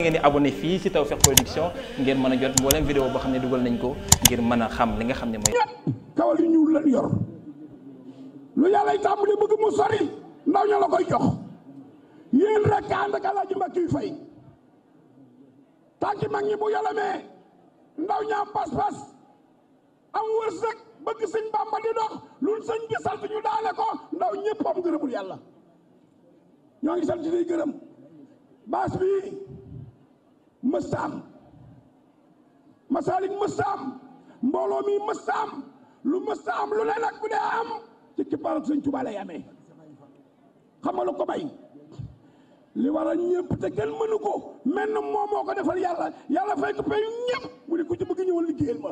ngeen di abonné fii ci Tawfekh Production ngeen mën a jot mboolem vidéo boo xam ne dugal nañ ko ngir mën a xam li nga xam ne mooy. kawal yu ñuul lañ yor lu yàlla tàmbali bëgg mu sori ndaw ña la ña am pas-pas am wërsëg bëgg sëñ Bàmba di dox lu sëñ bi sant ñu daane ko ndaw ñëpp am gërëmul yàlla ñoo ngi sant di gërëm baas bi. mës ta am masaalik mës am mbooloo mi mës am lu mës am lu ne nag bu dee am ci kippaaru Sëñ Tuubaa lay amee xam nga lu ko bay li waral ñëpp te kenn mënu ko menn moom moo ko defal yàlla yàlla fay ko payu ñëpp mu ne ku ci bëgg ñëwal liggéeyal ma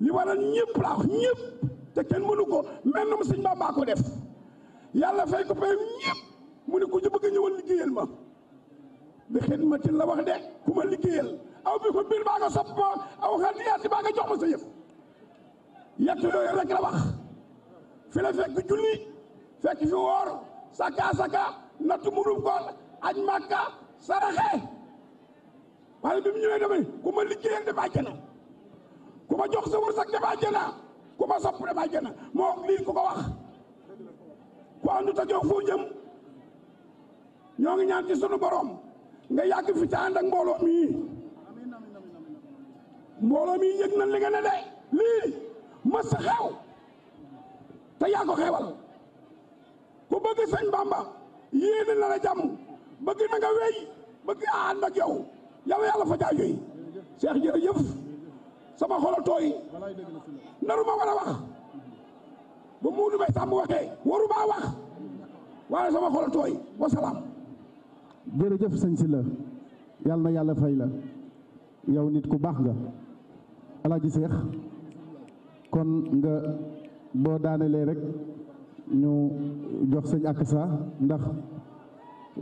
li waral ñëpp laa wax te kenn mënu ko menn mu sëñ Bamba ko def yàlla fa ko payu ñëpp mu ne ku ci bëgg ñëwal liggéeyal ma bi xidmatin la wax de ku ma liggéeyal aw bi ko baa nga sopp ma aw xel niyaati baa nga jox ma sa yëf yett yooyu rek wax fi la fekk julli fekk fi woor saka saka nattu murum kool aj màkka saraxe waaye bi mu ñëwee damay ku ma liggéeyal dafa jëna ku ma jox sa wërsëg dafa jëna ku ma sopp dafa jëna moo lii ku ko wax ku àndut ak foo jëm ñoo ngi ñaan sunu borom nga yàgg fi ca ànd ak mbooloo mii mbooloo mii na li nga ne de lii mas sa xew te yaa xewal ku bëgg sëñ Bamba yéene na la bëgg na nga wéy bëgg a ànd ak yow yàlla yàlla fa jaay yooyu Cheikh jërëjëf sama xol a tooy naruma war a wax ba muudu may sàmm waxee waruma wax waaye sama xol a tooy jërëjëf sëñ si la yàlla na yàlla fay la yow nit ku baax nga alaaji seex kon nga boo daanelee rek ñu jox sëñ ak saa ndax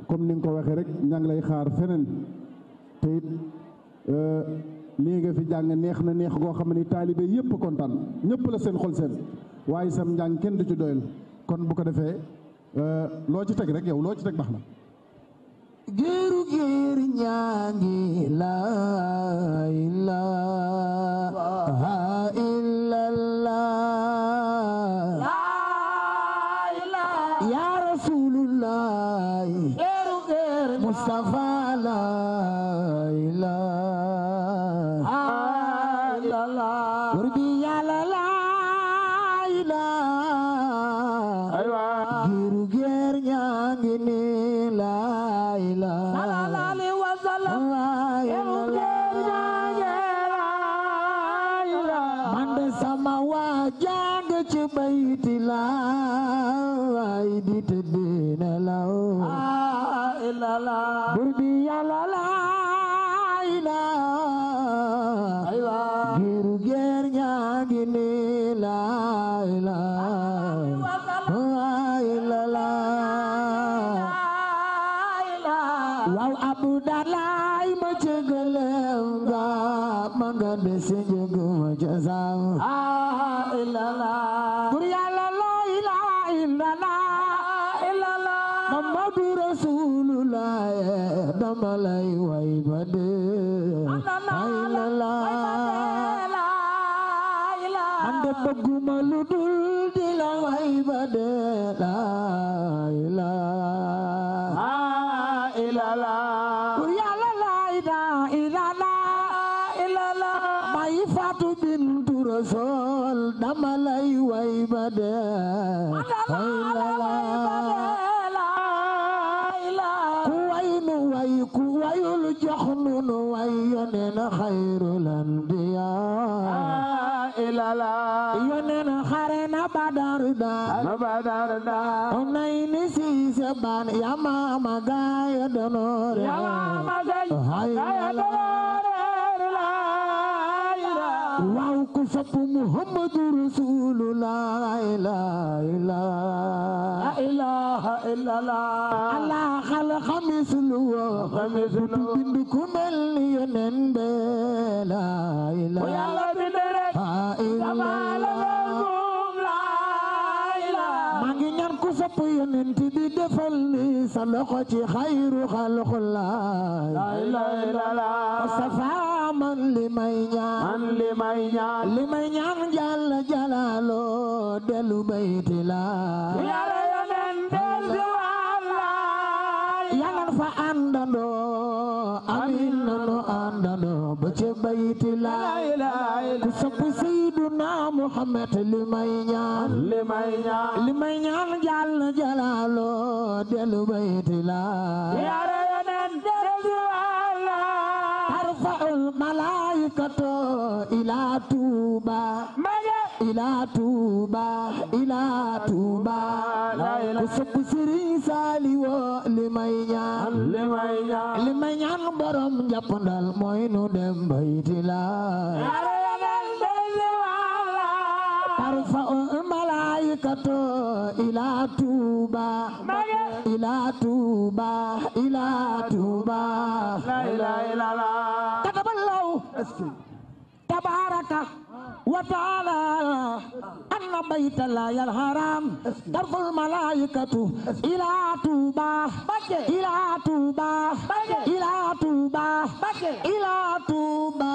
comme ni nga ko waxee rek ña ngi lay xaar feneen te it euh, lii nga fi jàng neex na neex goo xam ni taalibe yëpp kontaan ñëpp la seen xol seen waaye sam njàng kenn di ci doyal kon bu ko defee euh, loo ci teg rek yow loo ci teg baax na. giru giru nyangi la ilaha illallah ya rasulullah giru giru mustafa la ilaha illallah jàng ci bayti laay di tëddee na law bur bi yàlla laay la giru geer ñaa ngi ne laay oh, la waaw abu dalaay ma cëgaleem nga ma nga desi njëgu ma ca saaw ah. illallah bur yàlla la ilaha illallah illallah Muhammadu rasulullah dama lay way ba dee illallah man de bëgguma lu dul di la way ba dee la ilaha illallah bur yàlla la ilaha illallah illallah may fatu bintu rasul dama lay way ba dee way la ku way nu way ku wayul jox nu nu way yonen xayrul anbiyaa yonen xare na badar da onayni siise baan yamaama gaaya donoore hay la waaw ku sopp muhammadu rasulullah la ilaha ilaha illallah ala xal xamislu xamislu bind ku mel ni yeneen be la ilaha sopp yonent bi defal ni sa loxo ci xayru xalqullah la ilaha illallah man li may ñaan man li may ñaan li may ñaan jàll jàllalo dellu bayti la yàlla yonen dellu wàlla yàlla fa àndandoo amin nanu àndandoo ba ca bayti la ku sopp sayyiduna muhammad li may ñaan li may ñaan li may ñaan jàll jàllalo dellu bayti la ترفع الملائكة إلى توبة إلى توبة إلى توبة كسب سري سالي ولميا لميا لميا برم جبنا الموين دم بيت الله kato ila Touba ila Touba ila Touba la ilaha illallah kataballahu tabaraka wa taala anna bayta llahil haram tarful malaikatu ila Touba ila Touba ila Touba ila Touba